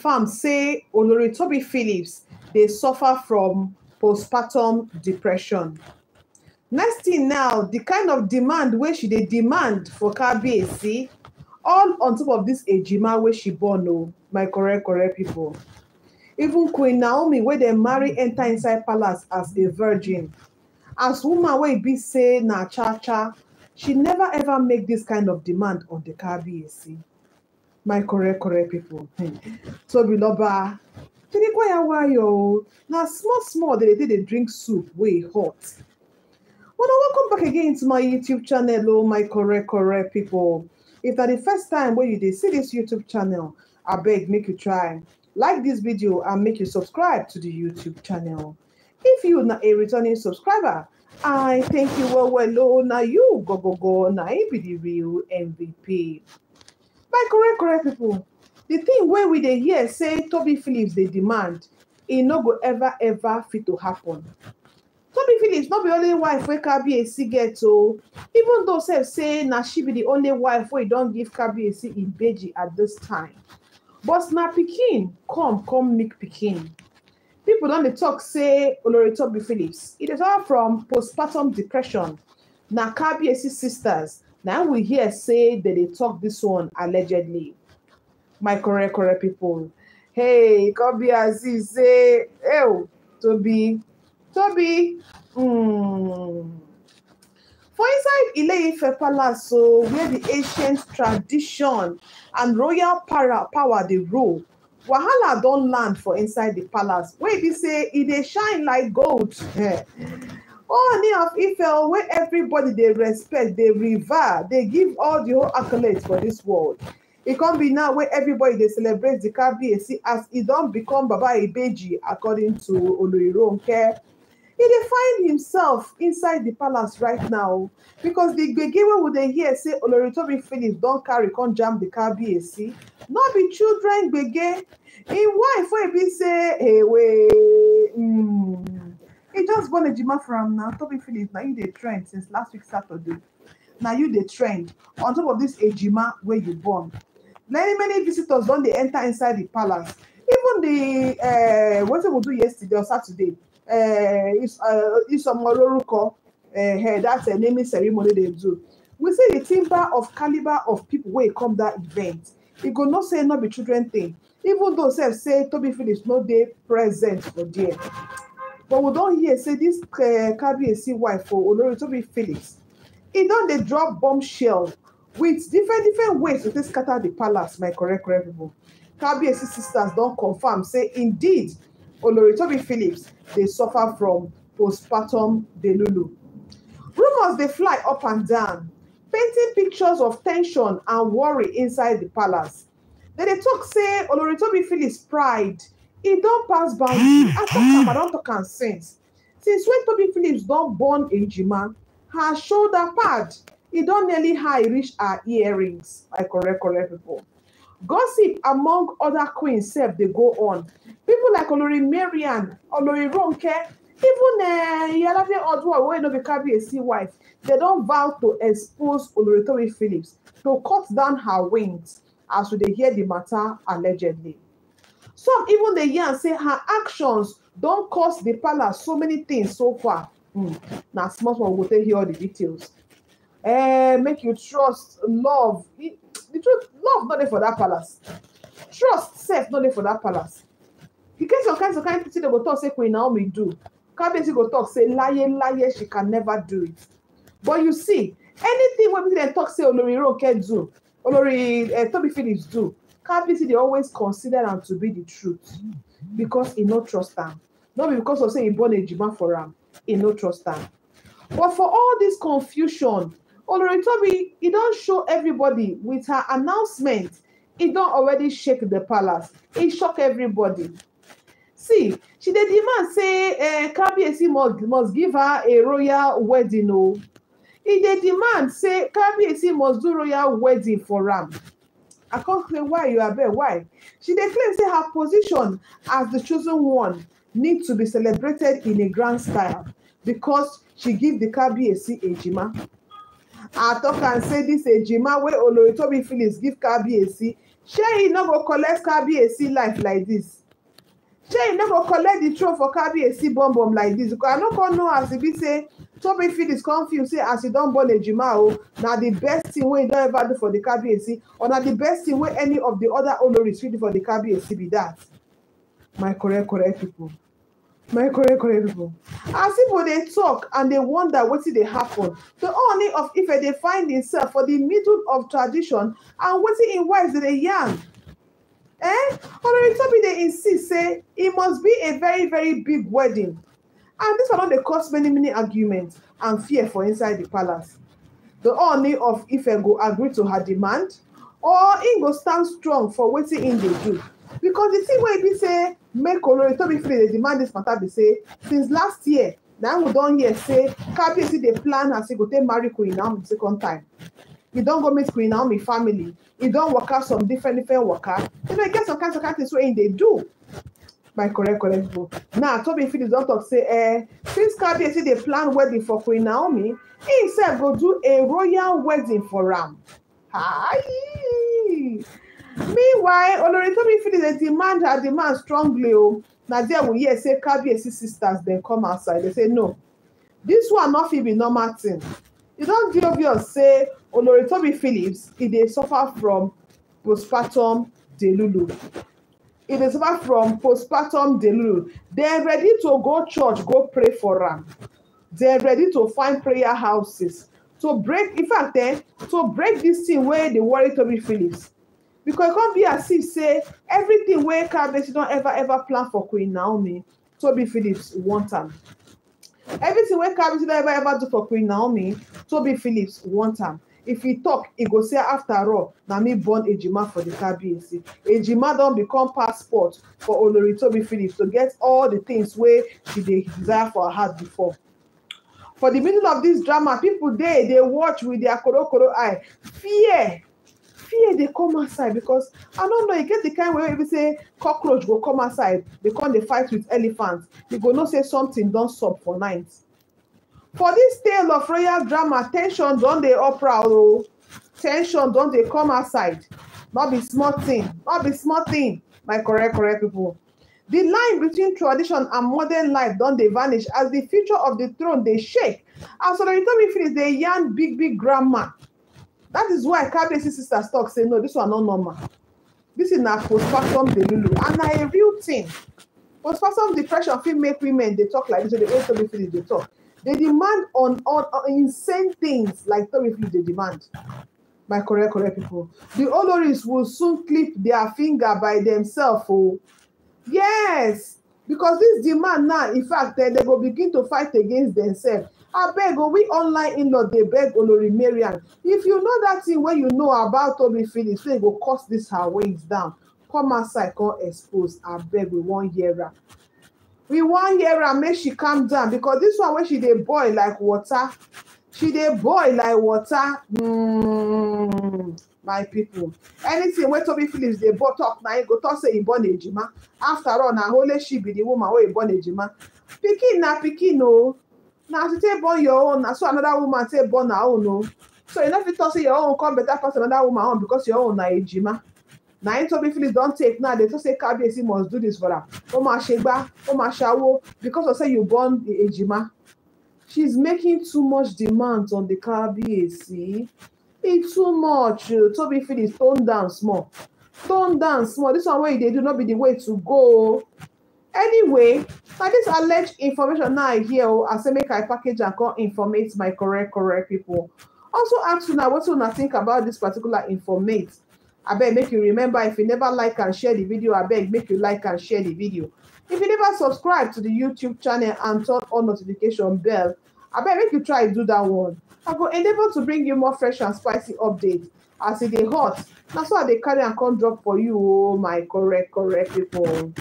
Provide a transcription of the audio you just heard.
confirm say Olori Toby Phillips they suffer from postpartum depression. Next thing now, the kind of demand where she they demand for Kabiyesi all on top of this Ejima where she born oh my correct correct people. Even Queen Naomi where they marry enter inside palace as a virgin. As woman where be say na cha cha, she never ever make this kind of demand on the Kabiyesi my correct correct people So hmm. tobiloba finikwaya Yo, now small small They did they drink soup way hot well welcome back again to my youtube channel oh my correct correct people if that the first time wey you did see this youtube channel I beg make you try like this video and make you subscribe to the youtube channel if you not a returning subscriber i thank you well well oh now you go go go Now im be the real mvp my correct correct people the thing wey we dey hear say toby phillips dey demand e no go ever ever fit to happen toby phillips no be only wife wey kbac get o even though sef say na she be the only wife wey don give kbac im beji at this time but na pikin come come make pikin People don dey talk say olori toby phillips e dey suffer from postpartum depression na kbac sisters Now we hear say that they talk this one allegedly. My correct, correct people. Hey, come be as Aziz, say, hey, oh, Toby, Toby. Mm. For inside Ile-Ife Palace, so where the ancient tradition and royal para power they rule, wahala don land for inside the palace. Wey be say e dey shine like gold. All near of Ifel, where everybody they respect, they revere, they give all the whole accolades for this world. It can't be now where everybody they celebrate the KBAC as he don't become Baba Ibeji, according to Oluironke. He they find himself inside the palace right now because the Gegewe would they hear say Oloritobi Phillips don't carry can't jam the KBAC. Not be children Bege. In wife, where be say, hey, wait, mm, e just born Jima from now Toby phillips now you the trend since last week saturday Now you the trend on top of this ejima where you born many many visitors don't the enter inside the palace even the uh, wetin we do yesterday or saturday uh, eh, isomororukọ eh, uh, eh, That's uh, naming ceremony they do we see the timber of caliber of people wey come that event It go not say no be children thing even though sef say Toby phillips no they present for there but we don't hear say dis eh, kabiyesi wife for oloritobi felix e don dey drop bombshell with different different ways to scatter the palace my correct correct pipo kabiyesi sisters don't confirm. say indeed oloritobi phillips They suffer from postpartum delulu Rumors they fly up and down painting pictures of tension and worry inside the palace dem dey tok say oloritobi phillips pride e don pass boundary hmm, i tok am i hmm. don tok am since since wen tobi phillips don born ejima her shoulder pad e don nearly high reach her earrings my correct correct people. gossip among other queens sef dey go on pipo like olori marian olori ronke even eh, iyalaje odwar wey no be kabiyesi wife dem don vow to expose olori tobi phillips to cut down her wings as we dey hear di mata allegedly some even they hear and say her actions don't cost the palace so many things. so far mm. na small small we go take hear all the details eh make you trust love e, the truth love not there for that palace trust self, not there for that palace He get some kind some kind thing dem go talk say queen naomi do kabiyesi go talk say laye laye she can never do it but you see anything wey people dey talk say olori ronke do olori uh, eh, tobi phillips do catholics they always consider them to be the truth because e no trust them not because of saying he born ejima for them, e no trust them but for all this confusion already he don't show everybody with her announcement don't already shake the palace he shock everybody see she the demand say uh, must, must give her a royal wedding oh. he the demand say KBC must do royal wedding for am i can't say why you are there. why she declares that say her position as the chosen one need to be celebrated in a grand style because she give di kabiyesi ejima i talk and say this ejima wey olori tobi phillips give kabiyesi shey e no go collect kabiyesi life like this. shey e no go collect di throne for kabiyesi bomb bomb like this. because i no come know as e be say tobi phillips come feel say as e don born ejima o na the best thing wey e don ever do for di kabiyesi or na the best thing wey any of di oda oloris fit do for di kabiyesi be that. my correct correct people. my correct correct people. as people dey talk and dey wonder wetin dey happen The only of ife dey find himself for the middle of tradition and wetin im wife dey yarn Eh? Olori Tobi dey insist say it must be a very very big wedding. And this one don cause many many arguments and fear for inside the palace. The only of Ife go agree to her demand or Ingo go stand strong for waiting in the do. Because the thing wey be say make Olori Tobi Philip dey demand this matter be say since last year Now we don't hear say see the plan as he go take marry Queen now the second time. you don't go meet queen naomi family you work out some different different worker. you know e get some kind of kind things thing they do by correct correct book now toby phillips don talk say eh since kabiyesi the plan wedding for queen naomi he said go do a royal wedding for Ram. Hi! meanwhile olori toby phillips dey demand her demand strongly Oh, na there we hear say kabiyesi sisters then come outside They say no this one not fit be normal thing don't give up your say Toby Phillips, it is dey suffer from postpartum delulu. It is dey suffer from postpartum delulu. are ready to go church go pray for They are ready to find prayer houses to break in fact then eh, to break this thing where dey worry be Phillips. Because e come be as if say everything they should not ever ever plan for Queen Naomi, Toby Phillips want time. Everything wey Kabiyesi not ever ever do for Queen Naomi, Toby Phillips want time if he talk he go say after all na me born ejima for the kabiyesi ejima not become passport for oloritobi philip to get all the things where she they desire for her heart before for the middle of this drama people they they watch with their korokoro eye fear fear they come outside because i don't know You get the kind where wey be say cockroach go come outside they come dey fight with elephants. you go not say something don't stop for night for this tale of royal drama tension don't they opera oh? tension don't they come outside not be small thing. not be small thing, my correct correct people. The line between tradition and modern life don't they vanish as the future of the throne they shake as oloritomi finish the yarn big big grandma. that is why kabiyesi sisters talk say no this one not normal This dis na postpartum delulu and na a real For postpartum depression female women they talk like dis wey oloritomi finish they talk they demand on, on, uh, insane things like therapy, they demand. My correct, correct people. The oloris will soon clip their finger by themselves. Oh, yes, because this demand now, in fact, then eh, they will begin to fight against themselves. I beg, oh, we online in law, they beg Olori Marian. If you know that thing where you know about Toby Phillips, they go cost this her ways down. Come outside, come expose. I beg, we one year hear we want hear am make she calm down because this one when she dey boil like water she dey boil like water mm, my people. Anything when toby phillips dey up, now im go talk say he born ejima after all now holy she be the woman wey born ejima pikin na pikin no. Now as you take born your own na so another woman take born her own o so enough to fit talk say your own come better pass another woman own because your own na ejima na im tobi phillips don take now They talk say kabiyesi must do this for am ó máa ṣe gbá ó máa ṣàwo because of say you born ejima she is making too much demand on the kabiyesi e too much uh, tobi phillips tone down small tone down small this one wey you dey do no be the way to go anyway na this alleged information Now i hear o oh, as say make i package am come informate my correct correct people also ask una wetin una think about this particular informate I beg make you remember if you never like and share the video, I beg make you like and share the video. If you never subscribe to the YouTube channel and turn on notification bell, I beg make you try do that one. I go enable to bring you more fresh and spicy updates as it is hot. That's so I dey carry and come drop for you, oh my correct correct people.